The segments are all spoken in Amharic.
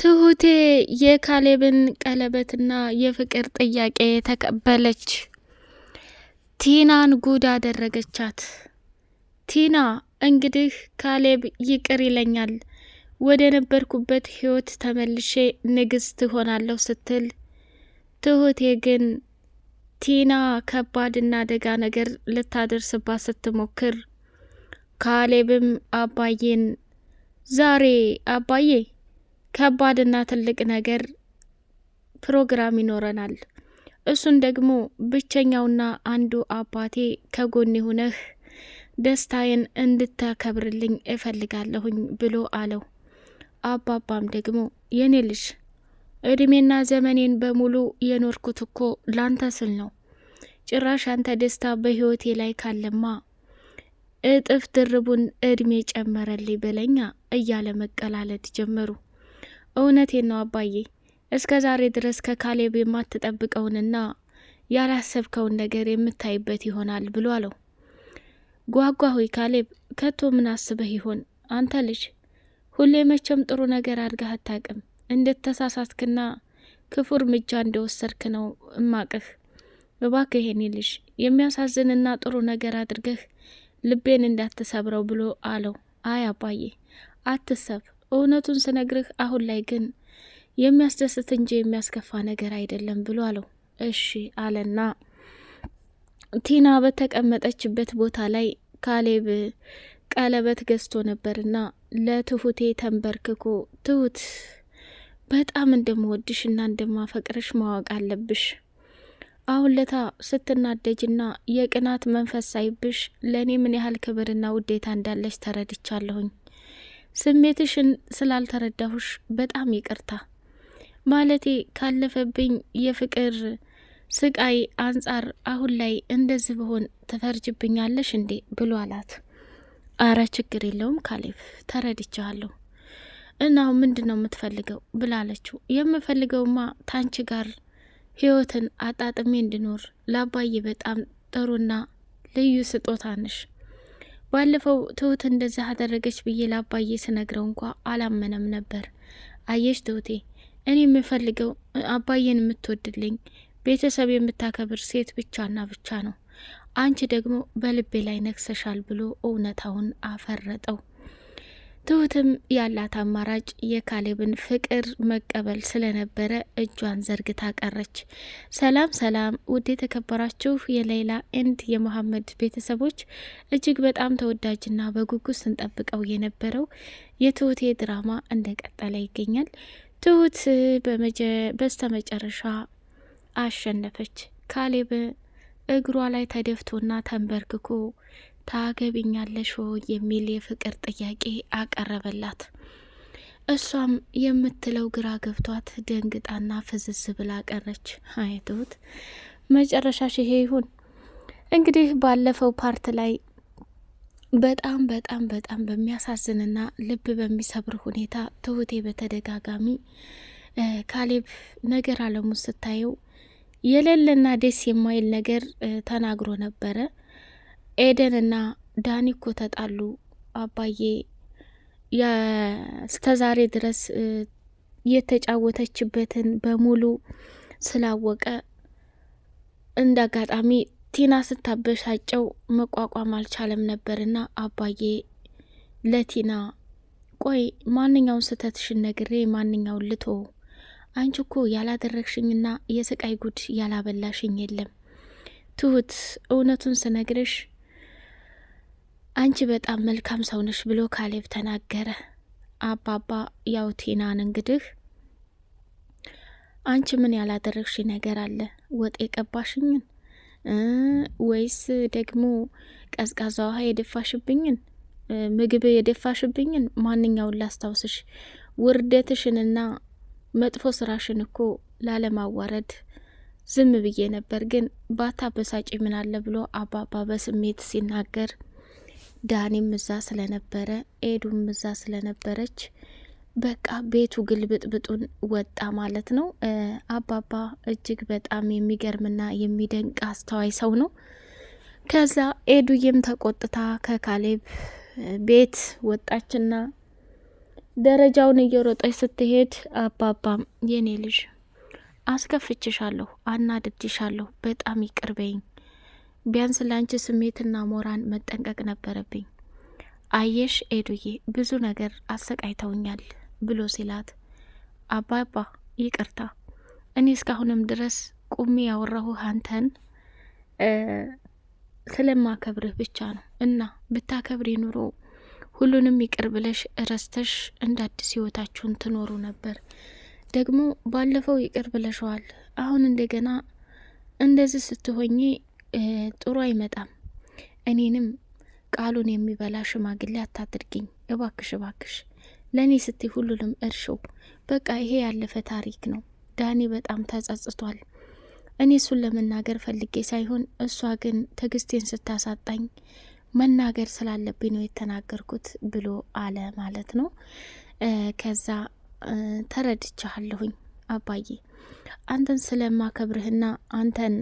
ትሁቴ የካሌብን ቀለበትና የፍቅር ጥያቄ ተቀበለች። ቲናን ጉድ አደረገቻት። ቲና እንግዲህ ካሌብ ይቅር ይለኛል፣ ወደ ነበርኩበት ህይወት ተመልሼ ንግስት ትሆናለሁ ስትል፣ ትሁቴ ግን ቲና ከባድና አደጋ ነገር ልታደርስባት ስትሞክር ካሌብም አባዬን ዛሬ አባዬ ከባድና ትልቅ ነገር ፕሮግራም ይኖረናል። እሱን ደግሞ ብቸኛውና አንዱ አባቴ ከጎኔ ሁነህ ደስታዬን እንድታከብርልኝ እፈልጋለሁኝ ብሎ አለው። አባባም ደግሞ የኔ ልጅ እድሜና ዘመኔን በሙሉ የኖርኩት እኮ ላንተ ስል ነው። ጭራሽ አንተ ደስታ በህይወቴ ላይ ካለማ እጥፍ ድርቡን እድሜ ጨመረልኝ በለኛ እያለ መቀላለድ ጀመሩ። እውነቴን ነው አባዬ። እስከ ዛሬ ድረስ ከካሌብ የማትጠብቀውንና ያላሰብከውን ነገር የምታይበት ይሆናል ብሎ አለው። ጓጓ ሆይ ካሌብ፣ ከቶ ምን አስበህ ይሆን አንተ ልጅ? ሁሌ መቼም ጥሩ ነገር አድርገህ አታቅም። እንደተሳሳትክና ክፉ እርምጃ እንደወሰድክ ነው እማቅህ። እባክህ የኔ ልጅ የሚያሳዝንና ጥሩ ነገር አድርገህ ልቤን እንዳትሰብረው ብሎ አለው። አይ አባዬ አትሰብ፣ እውነቱን ስነግርህ አሁን ላይ ግን የሚያስደስት እንጂ የሚያስከፋ ነገር አይደለም ብሎ አለው። እሺ አለና ቲና በተቀመጠችበት ቦታ ላይ ካሌብ ቀለበት ገዝቶ ነበርና ለትሁቴ ተንበርክኮ ትሁት በጣም እንደምወድሽና እንደማፈቅርሽ ማወቅ አለብሽ። አሁን ለታ ስትናደጅና የቅናት መንፈስ ሳይብሽ ለእኔ ምን ያህል ክብርና ውዴታ እንዳለች ተረድቻለሁኝ። ስሜትሽን ስላልተረዳሁሽ በጣም ይቅርታ። ማለቴ ካለፈብኝ የፍቅር ስቃይ አንጻር አሁን ላይ እንደዚህ ብሆን ትፈርጅብኛለሽ እንዴ ብሎ አላት። አረ ችግር የለውም ካሌብ፣ ተረድቻለሁ። እናው ምንድን ነው የምትፈልገው ብላለችው። የምፈልገውማ ታንቺ ጋር ህይወትን አጣጥሜ እንድኖር ላባዬ በጣም ጥሩና ልዩ ስጦታ ነሽ። ባለፈው ትሁት እንደዚህ አደረገች ብዬ ላባዬ ስነግረው እንኳ አላመነም ነበር። አየሽ ትሁቴ፣ እኔ የምፈልገው አባዬን የምትወድልኝ ቤተሰብ የምታከብር ሴት ብቻና ብቻ ነው። አንቺ ደግሞ በልቤ ላይ ነግሰሻል ብሎ እውነታውን አፈረጠው። ትሁትም ያላት አማራጭ የካሌብን ፍቅር መቀበል ስለነበረ እጇን ዘርግታ ቀረች። ሰላም ሰላም! ውድ የተከበራችሁ የሌላ ኤንድ የመሐመድ ቤተሰቦች እጅግ በጣም ተወዳጅና በጉጉት ስንጠብቀው የነበረው የትሁቴ ድራማ እንደቀጠለ ይገኛል። ትሁት በስተመጨረሻ አሸነፈች። ካሌብ እግሯ ላይ ተደፍቶና ተንበርክኮ ታገቢኛለሽ የሚል የፍቅር ጥያቄ አቀረበላት። እሷም የምትለው ግራ ገብቷት ደንግጣና ፍዝዝ ብላ ቀረች። አይቶት መጨረሻሽ ይሄ ይሁን እንግዲህ ባለፈው ፓርት ላይ በጣም በጣም በጣም በሚያሳዝንና ልብ በሚሰብር ሁኔታ ትሁቴ በተደጋጋሚ ካሌብ ነገር አለሙ ስታየው የሌለና ደስ የማይል ነገር ተናግሮ ነበረ። ኤደንና ዳኒ እኮ ተጣሉ አባዬ። እስከ ዛሬ ድረስ የተጫወተችበትን በሙሉ ስላወቀ እንደ አጋጣሚ ቲና ስታበሻጨው መቋቋም አልቻለም ነበርና አባዬ ለቲና ቆይ ማንኛውን ስህተትሽን ነግሬ ማንኛውን ልቶ አንቺ እኮ ያላደረግሽኝና የስቃይ ጉድ ያላበላሽኝ የለም ትሁት እውነቱን ስነግርሽ አንቺ በጣም መልካም ሰው ነሽ ብሎ ካሌብ ተናገረ። አባባ ያው ቲናን እንግዲህ አንቺ ምን ያላደረግሽ ነገር አለ? ወጥ የቀባሽኝን ወይስ ደግሞ ቀዝቃዛ ውሃ የደፋሽብኝን ምግብ የደፋሽብኝን ማንኛውን ላስታውስሽ? ውርደትሽንና መጥፎ ስራሽን እኮ ላለማዋረድ ዝም ብዬ ነበር፣ ግን ባታ በሳጭ አለ ብሎ አባባ በስሜት ሲናገር ዳኒም እዛ ስለነበረ ኤዱም እዛ ስለነበረች በቃ ቤቱ ግልብጥብጡን ወጣ ማለት ነው። አባባ እጅግ በጣም የሚገርምና የሚደንቅ አስተዋይ ሰው ነው። ከዛ ኤዱዬም ተቆጥታ ከካሌብ ቤት ወጣችና ደረጃውን እየሮጠች ስትሄድ አባባም የኔ ልጅ አስከፍችሻለሁ፣ አናድድሻለሁ፣ በጣም ይቅርበኝ ቢያንስ ለአንቺ ስሜትና ሞራን መጠንቀቅ ነበረብኝ። አየሽ ኤዱዬ ብዙ ነገር አሰቃይተውኛል ብሎ ሲላት፣ አባባ ይቅርታ፣ እኔ እስካሁንም ድረስ ቁሚ ያወራሁህ አንተን ስለማከብርህ ብቻ ነው። እና ብታከብሪ ኑሮ ሁሉንም ይቅር ብለሽ እረስተሽ እንደ አዲስ ህይወታችሁን ትኖሩ ነበር። ደግሞ ባለፈው ይቅር ብለሸዋል። አሁን እንደገና እንደዚህ ስትሆኜ ጥሩ አይመጣም። እኔንም ቃሉን የሚበላ ሽማግሌ አታድርጊኝ እባክሽ፣ እባክሽ ለእኔ ስቲ ሁሉንም እርሽው። በቃ ይሄ ያለፈ ታሪክ ነው። ዳኒ በጣም ተጸጽቷል። እኔ እሱን ለመናገር ፈልጌ ሳይሆን እሷ ግን ትዕግስቴን ስታሳጣኝ መናገር ስላለብኝ ነው የተናገርኩት ብሎ አለ ማለት ነው። ከዛ ተረድቻለሁኝ አባዬ አንተን ስለማከብርህና አንተን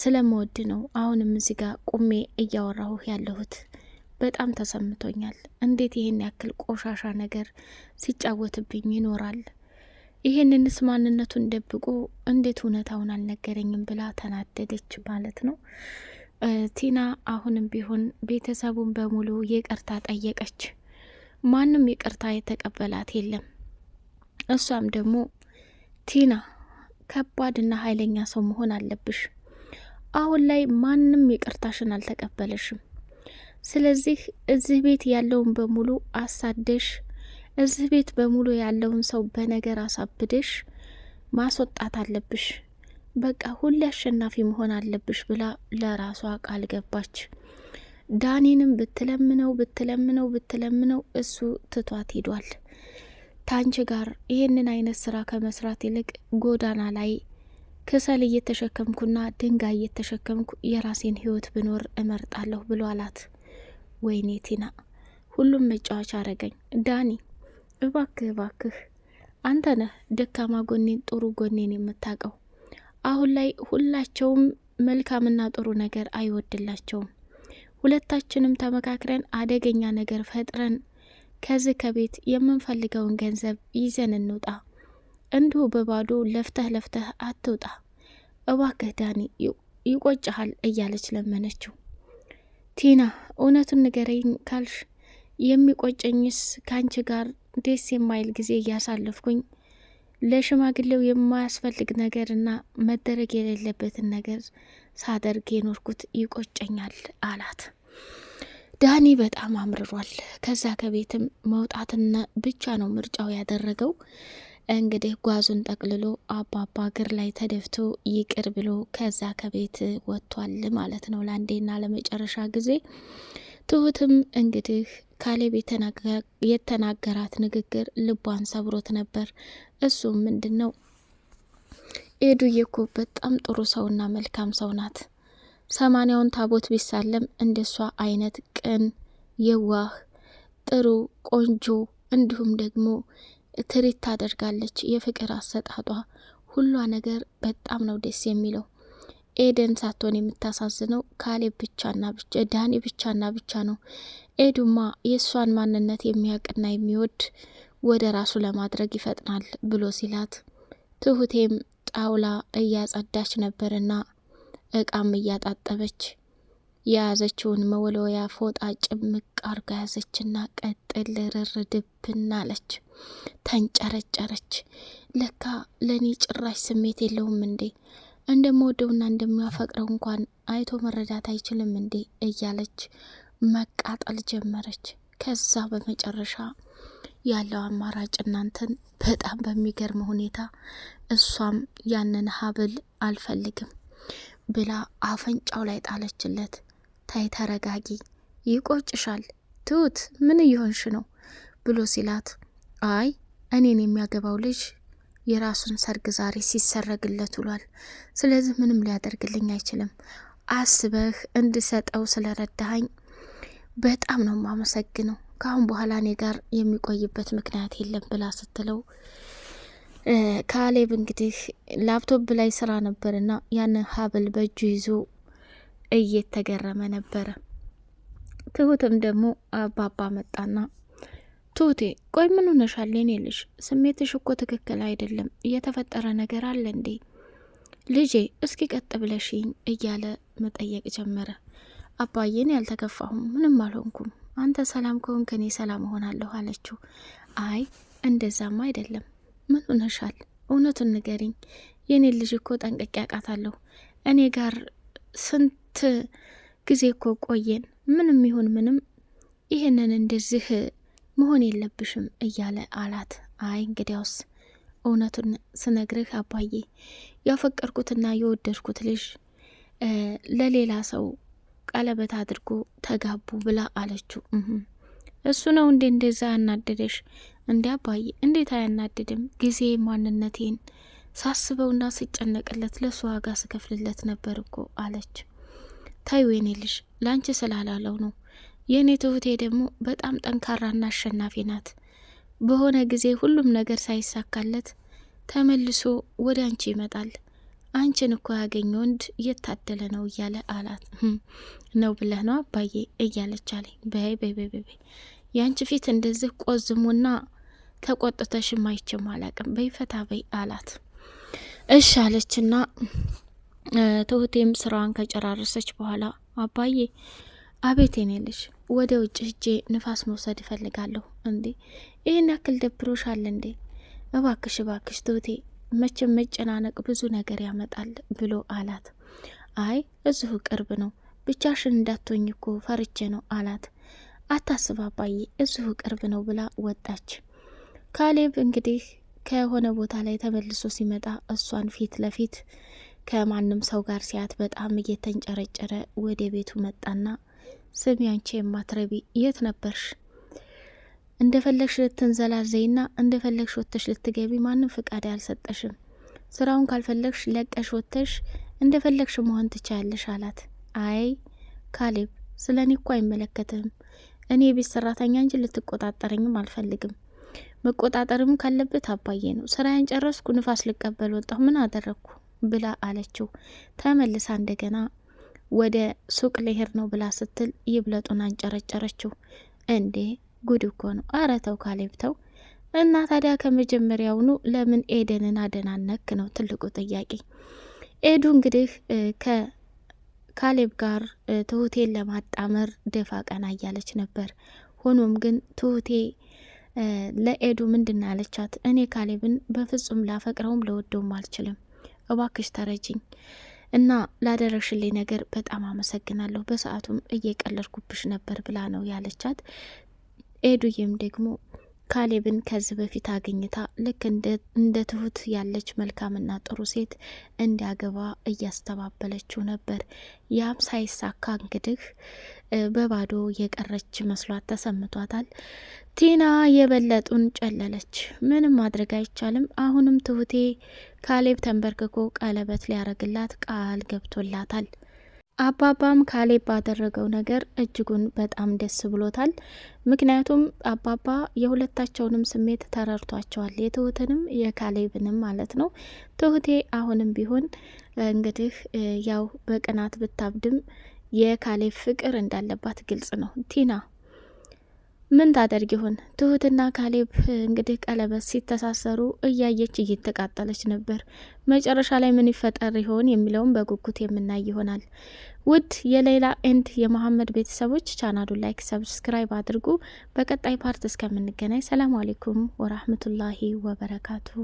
ስለመወድ ነው። አሁንም እዚህ ጋር ቁሜ እያወራሁህ ያለሁት በጣም ተሰምቶኛል። እንዴት ይህን ያክል ቆሻሻ ነገር ሲጫወትብኝ ይኖራል? ይሄንንስ ማንነቱን ደብቆ እንዴት እውነታውን አልነገረኝም ብላ ተናደደች ማለት ነው። ቲና አሁንም ቢሆን ቤተሰቡን በሙሉ ይቅርታ ጠየቀች። ማንም ይቅርታ የተቀበላት የለም። እሷም ደግሞ ቲና ከባድና ኃይለኛ ሰው መሆን አለብሽ አሁን ላይ ማንም ይቅርታሽን አልተቀበለሽም። ስለዚህ እዚህ ቤት ያለውን በሙሉ አሳደሽ እዚህ ቤት በሙሉ ያለውን ሰው በነገር አሳብደሽ ማስወጣት አለብሽ። በቃ ሁሌ አሸናፊ መሆን አለብሽ ብላ ለራሷ ቃል ገባች። ዳኒንም ብትለምነው ብትለምነው ብትለምነው እሱ ትቷት ሂዷል። ታንቺ ጋር ይህንን አይነት ስራ ከመስራት ይልቅ ጎዳና ላይ ከሰል እየተሸከምኩና ድንጋይ እየተሸከምኩ የራሴን ህይወት ብኖር እመርጣለሁ ብሎ አላት። ወይኔ ቲና፣ ሁሉም መጫወቻ አረገኝ። ዳኒ እባክህ እባክህ፣ አንተ ነህ ደካማ ጎኔን ጥሩ ጎኔን የምታውቀው። አሁን ላይ ሁላቸውም መልካምና ጥሩ ነገር አይወድላቸውም። ሁለታችንም ተመካክረን አደገኛ ነገር ፈጥረን ከዚህ ከቤት የምንፈልገውን ገንዘብ ይዘን እንውጣ። እንዲሁ በባዶ ለፍተህ ለፍተህ አትውጣ እባክህ ዳኒ ይቆጭሃል እያለች ለመነችው። ቲና እውነቱን ንገረኝ ካልሽ የሚቆጨኝስ ከአንቺ ጋር ደስ የማይል ጊዜ እያሳለፍኩኝ ለሽማግሌው የማያስፈልግ ነገርና መደረግ የሌለበትን ነገር ሳደርግ የኖርኩት ይቆጨኛል አላት። ዳኒ በጣም አምርሯል። ከዛ ከቤትም መውጣትና ብቻ ነው ምርጫው ያደረገው። እንግዲህ ጓዙን ጠቅልሎ አባባ እግር ላይ ተደፍቶ ይቅር ብሎ ከዛ ከቤት ወጥቷል ማለት ነው ለአንዴና ለመጨረሻ ጊዜ። ትሁትም እንግዲህ ካሌብ የተናገራት ንግግር ልቧን ሰብሮት ነበር። እሱም ምንድን ነው ኤዱዬ እኮ በጣም ጥሩ ሰውና መልካም ሰው ናት። ሰማንያውን ታቦት ቢሳለም እንደሷ አይነት ቅን፣ የዋህ፣ ጥሩ ቆንጆ እንዲሁም ደግሞ ትሪት ታደርጋለች። የፍቅር አሰጣጧ ሁሏ ነገር በጣም ነው ደስ የሚለው። ኤደን ሳትሆን የምታሳዝነው ካሌብ ብቻና ብቻ ዳኒ ብቻና ብቻ ነው። ኤዱማ የእሷን ማንነት የሚያውቅና የሚወድ ወደ ራሱ ለማድረግ ይፈጥናል ብሎ ሲላት ትሁቴም ጣውላ እያጸዳች ነበርና እቃም እያጣጠበች የያዘችውን መወልወያ ፎጣ ጭምቅ አርጋ ያዘችና ቀጥል ርር ድብን አለች። ተንጨረጨረች። ለካ ለእኔ ጭራሽ ስሜት የለውም እንዴ? እንደምወደውና እንደሚያፈቅረው እንኳን አይቶ መረዳት አይችልም እንዴ? እያለች መቃጠል ጀመረች። ከዛ በመጨረሻ ያለው አማራጭ እናንተን በጣም በሚገርም ሁኔታ እሷም ያንን ሀብል አልፈልግም ብላ አፈንጫው ላይ ጣለችለት። ታይ ተረጋጊ፣ ይቆጭሻል፣ ትሁት ምን እየሆንሽ ነው ብሎ ሲላት አይ እኔን የሚያገባው ልጅ የራሱን ሰርግ ዛሬ ሲሰረግለት ውሏል። ስለዚህ ምንም ሊያደርግልኝ አይችልም። አስበህ እንድሰጠው ስለረዳኸኝ በጣም ነው ማመሰግነው። ከአሁን በኋላ እኔ ጋር የሚቆይበት ምክንያት የለም ብላ ስትለው ካሌብ እንግዲህ ላፕቶፕ ላይ ስራ ነበርና ያንን ሀብል በእጁ ይዞ እየተገረመ ነበረ። ትሁትም ደግሞ አባባ መጣና ትሁቴ ቆይ ምን ሆነሻል? የኔ ልጅ ስሜትሽ እኮ ትክክል አይደለም። እየተፈጠረ ነገር አለ እንዴ? ልጄ እስኪ ቀጥ ብለሽኝ እያለ መጠየቅ ጀመረ። አባዬን ያልተከፋሁም ምንም አልሆንኩም። አንተ ሰላም ከሆንክ እኔ ሰላም እሆናለሁ አለችው። አይ እንደዛም አይደለም። ምን ሆነሻል? እውነቱን ንገሪኝ። የኔ ልጅ እኮ ጠንቅቄ አውቃታለሁ። እኔ ጋር ስንት ስንት ጊዜ እኮ ቆየን። ምንም ይሁን ምንም ይህንን እንደዚህ መሆን የለብሽም እያለ አላት። አይ እንግዲያውስ እውነቱን ስነግርህ አባዬ ያፈቀርኩትና የወደድኩት ልጅ ለሌላ ሰው ቀለበት አድርጎ ተጋቡ ብላ አለችው። እሱ ነው እንዴ እንደዛ ያናደደሽ? እንዲ አባዬ እንዴት አያናድድም? ጊዜ ማንነቴን ሳስበውና ስጨነቅለት ለእሱ ዋጋ ስከፍልለት ነበር እኮ አለች። ታዩ የኔ ልጅ ለአንቺ ስላላለው ነው። የእኔ ትሁቴ ደግሞ በጣም ጠንካራና አሸናፊ ናት። በሆነ ጊዜ ሁሉም ነገር ሳይሳካለት ተመልሶ ወደ አንቺ ይመጣል። አንቺን እኮ ያገኘ ወንድ እየታደለ ነው እያለ አላት። ነው ብለህ ነው አባዬ እያለች አለኝ። በይ በይ በይ በይ የአንቺ ፊት እንደዚህ ቆዝሙና ተቆጥተሽም አይቼም አላቅም። በይ ፈታ በይ አላት። እሺ አለችና ትሁቴም ስራዋን ከጨራረሰች በኋላ አባዬ፣ አቤት የኔ ልጅ፣ ወደ ውጭ ሂጄ ንፋስ መውሰድ እፈልጋለሁ። እንዴ ይህን ያክል ደብሮሻል እንዴ? እባክሽ እባክሽ ትሁቴ፣ መቼም መጨናነቅ ብዙ ነገር ያመጣል ብሎ አላት። አይ እዚሁ ቅርብ ነው፣ ብቻሽን እንዳትሆኝ እኮ ፈርቼ ነው አላት። አታስብ አባዬ፣ እዚሁ ቅርብ ነው ብላ ወጣች። ካሌብ እንግዲህ ከሆነ ቦታ ላይ ተመልሶ ሲመጣ እሷን ፊት ለፊት ከማንም ሰው ጋር ሲያት በጣም እየተንጨረጨረ ወደ ቤቱ መጣና ስሚ አንቺ የማትረቢ የት ነበርሽ? እንደፈለግሽ ልትንዘላዘይና እንደፈለግሽ ወጥተሽ ልትገቢ ማንም ፍቃድ አልሰጠሽም። ስራውን ካልፈለግሽ ለቀሽ ወጥተሽ እንደፈለግሽ መሆን ትቻያለሽ አላት። አይ ካሌብ ስለ እኔ እኮ አይመለከትም። እኔ የቤት ሰራተኛ እንጂ ልትቆጣጠረኝም አልፈልግም። መቆጣጠርም ካለበት አባዬ ነው። ስራዬን ጨረስኩ፣ ንፋስ ልቀበል ወጣሁ። ምን አደረግኩ? ብላ አለችው። ተመልሳ እንደገና ወደ ሱቅ ልሄድ ነው ብላ ስትል ይብለጡን አንጨረጨረችው። እንዴ ጉድ እኮ ነው። አረ ተው ካሌብ ተው። እና ታዲያ ከመጀመሪያውኑ ለምን ኤደንን አደናነክ ነው ትልቁ ጥያቄ። ኤዱ እንግዲህ ከካሌብ ጋር ትሁቴን ለማጣመር ደፋ ቀና እያለች ነበር። ሆኖም ግን ትሁቴ ለኤዱ ምንድን እኔ ካሌብን በፍጹም ላፈቅረውም ለወደውም አልችልም እባክሽ ተረጅኝ እና ላደረግሽልኝ ነገር በጣም አመሰግናለሁ። በሰዓቱም እየቀለድኩብሽ ነበር ብላ ነው ያለቻት። ኤዱዬም ደግሞ ካሌብን ከዚህ በፊት አግኝታ ልክ እንደ ትሁት ያለች መልካምና ጥሩ ሴት እንዲያገባ እያስተባበለችው ነበር። ያም ሳይሳካ እንግዲህ በባዶ የቀረች መስሏት ተሰምቷታል። ቲና የበለጡን ጨለለች። ምንም ማድረግ አይቻልም። አሁንም ትሁቴ ካሌብ ተንበርክኮ ቀለበት ሊያረግላት ቃል ገብቶላታል። አባባም ካሌብ ባደረገው ነገር እጅጉን በጣም ደስ ብሎታል። ምክንያቱም አባባ የሁለታቸውንም ስሜት ተረድቷቸዋል፣ የትሁትንም የካሌብንም ማለት ነው። ትሁቴ አሁንም ቢሆን እንግዲህ ያው በቅናት ብታብድም የካሌብ ፍቅር እንዳለባት ግልጽ ነው። ቲና ምን ታደርግ ይሆን? ትሁትና ካሌብ እንግዲህ ቀለበት ሲተሳሰሩ እያየች እየተቃጠለች ነበር። መጨረሻ ላይ ምን ይፈጠር ይሆን የሚለውም በጉጉት የምናይ ይሆናል። ውድ የሌላ ኤንድ የመሐመድ ቤተሰቦች ቻናሉ ላይክ፣ ሰብስክራይብ አድርጉ። በቀጣይ ፓርት እስከምንገናኝ ሰላም አሌይኩም ወራህመቱላሂ ወበረካቱሁ።